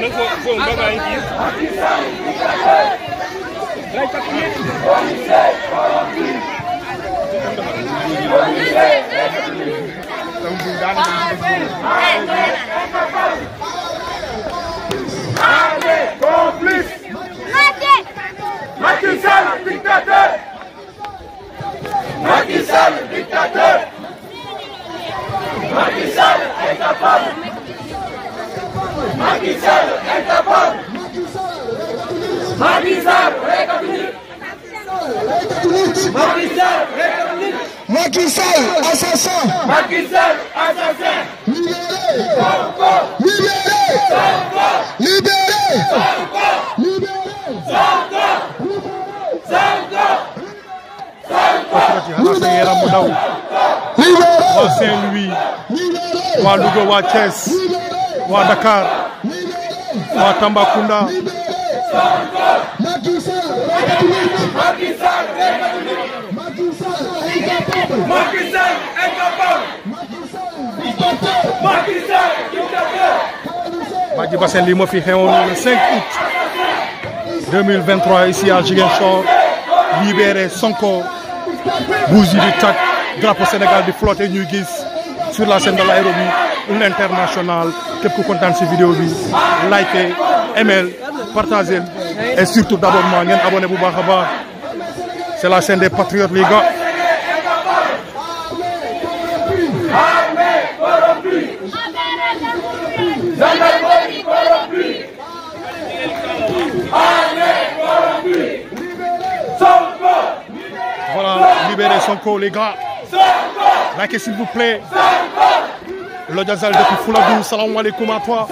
nan ko ko mbaga ngi lay takni tam bu dan Allez, complice Macky Sall, dictateur Macky Sall, dictateur Macky Sall, incapable Macky Sall est à bord. Macky Sall république. Macky Sall république. Macky Sall assassin. Macky Sall assassin. Libéré. Sonko. Libéré. Sonko. Libéré. Sonko. Libéré. Libéré. Libéré. waa Louga waa Thiès waa Dakar. waa Tambacounda Badji Bassène lii moo fi xewoon le 5 août 2023 ici à Ziguinchor libéré Sonko bougie du Tchad drapeau Sénégal di flotter ñuy gis sur la scène de l'aérobie l'international képp ku kontaan si vidéo bi liker aimer partager et surtout d'abonnement ngeen abonné bu baax a baax c'est la chaîne des patriotes les gars Voilà, libérez Sonko les gars. Likez s'il vous plaît. Lodja Zal depuis Fouladou salaamu aleykum à toi.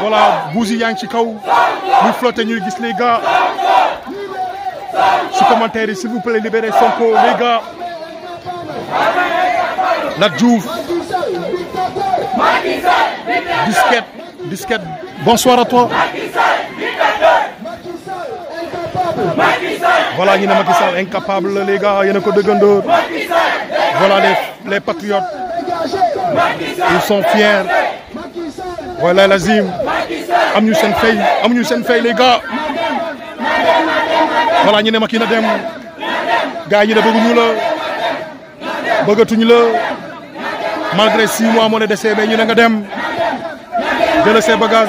voilà Bouzy yaa ngi ci kaw muy flotté ñuy gis les gars su commentaire yi s'il vous plaît libérez Sonko les gars Lat Diouf disquette disquette bonsoir à toi. voilà ñu ne Macky Sall incapable la les gars yéen ko dëggandoor voilà le les patriotes ils sont fiers voilà lazim am ñu seen fay am ñu seen fay les gars voilà ñu ne Macky na dem gars yi ñu ne bëgguñu la bëggatuñu la malgré six mois moo ne desee mais ñu ne nga dem jël ses bagages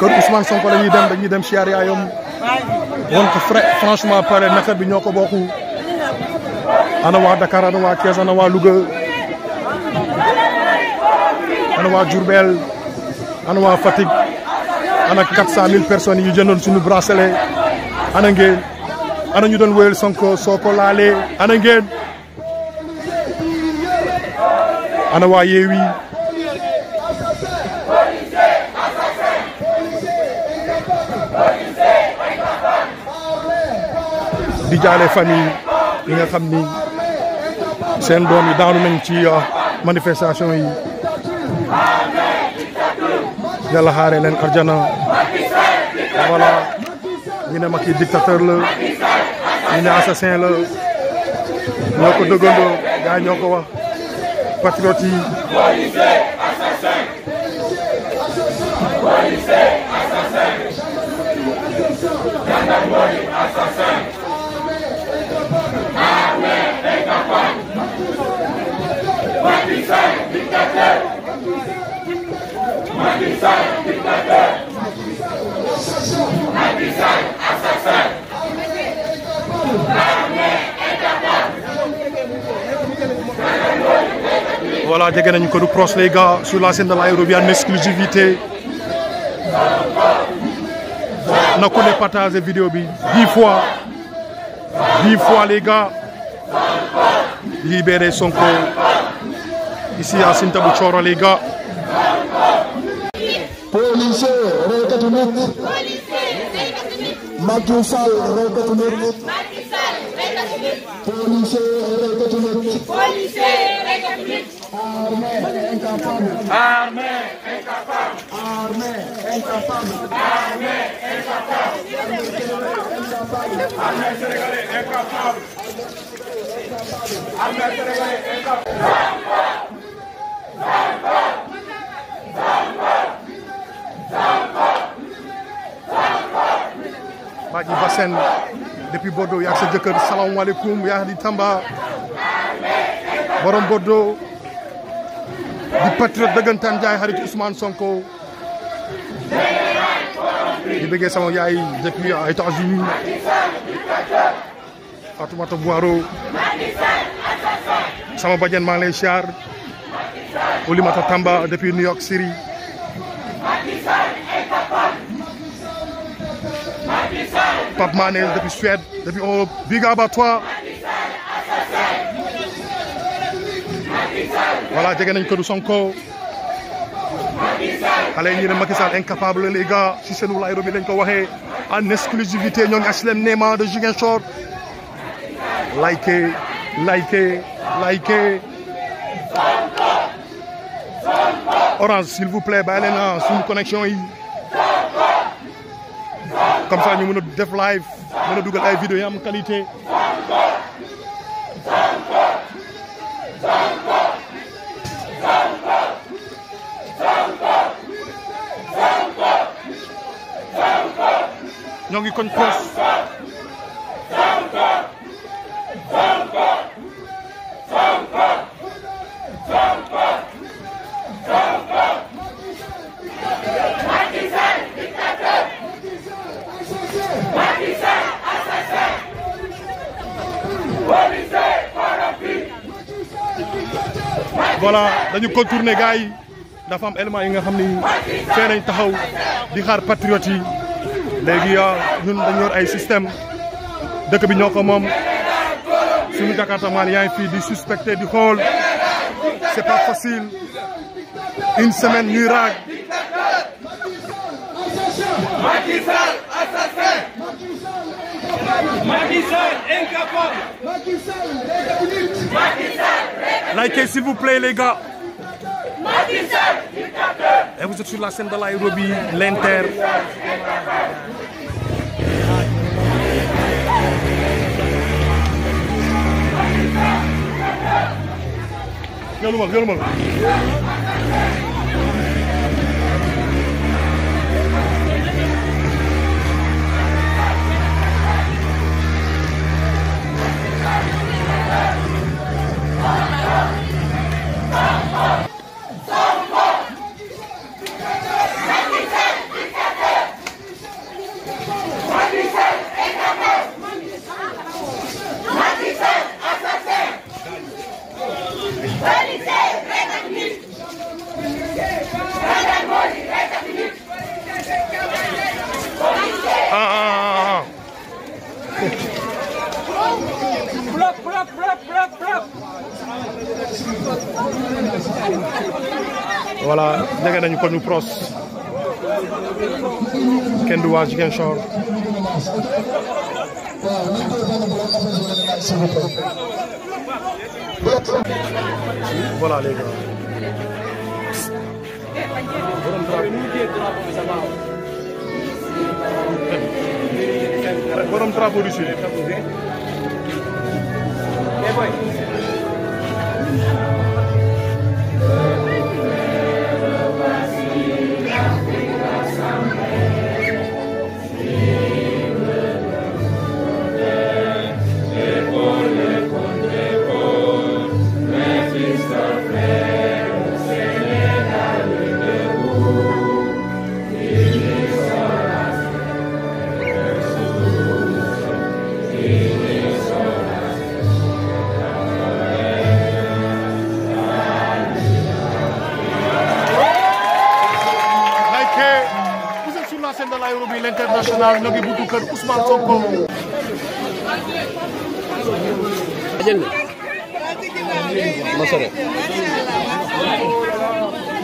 kër Ousmane Sonko la ñuy dem dem siyaar yaayam won ko fra franchement pare naqar bi ñoo ko bokk ana waa Dakar ana waa Thiès ana waa Louga ana waa Diourbel ana waa Fatick ana 400000 personnes yu jëndoon suñu bracelet ana ngeen ana ñu doon wéyal Sonko soo ko laalee ana ngeen ana waa Yewwi di jaale famille yi nga xam ni seen doom yi daanu nañ ci euh, manifestation yi yàlla xaare leen arjana voilà ñu ne Macky dictateur la ñu ne assassin la ñoo ko dëggandoo gaa ñoo ko wax patriote yi Voilà, Degenen Kodou Pros, les gars, sur la scène de l'aérobie exclusivité. N'a connaît pas ta vidéo 10 fois. 10 fois, les gars. son corps. Ici à Sintabou Choro, les gars. Policier, Macky Sall reykatu nit. Macky Sall reykatu nit. policier reykatu nit. policier reykatu nit. armée incapable. armée incapable. armée incapable. armée incapable. armée sénégalais incapable. armée sénégalais incapable. Badji Bassène depuis Bordeaux yaa ak sa jëkkër salaamaaleykum yaa di Tamba borom Bordeaux di patriote dëggantaan jaay xarit Ousmane Sonko di bëggee sama yaay depuis ay États-Unis Fatoumata Boiro sama bajeen maa ngi lay siyaar Oulimata Tamba depuis New York City Pape Mané depuis Suède depuis Europe big up à toi voilà jege nañ ko du Sonko xale ñi ne Macky Sall incapable les gars si seen wulaay bi lañ ko waxee en exclusivité ñoo ngi HLM Néma de Ziguinchor likez likez likez Orange s'il vous plaît bàyyi leen ah, suñu connexion yi comme ça ñu mën a def live mën a dugal ay vidéo yi am qualité. ñoo ngi koñ koos voilà dañu contourner gars yi dafa am élément yi nga xam ni fee taxaw di xaar patriotes yi léegi ah, ñun dañu yor ay système dëkk bi ñoo ko moom suñu jakartamaan yaa ngi fii di suspecté di xool c'est pas facile une semaine ñuy raag Macky Sall assassin Macky Sall incapable Macky Likez s'il vous plaît les gars. Macky Sall, dictateur. Et vous êtes sur la scène de l'aérobie, l'Inter. Yoluma, yoluma. voilà jege nañu ko ñu kenn du waa Ziguinchor voilà Nairobi l'international ñoo ngi buntu kër Ousmane Sonko. ma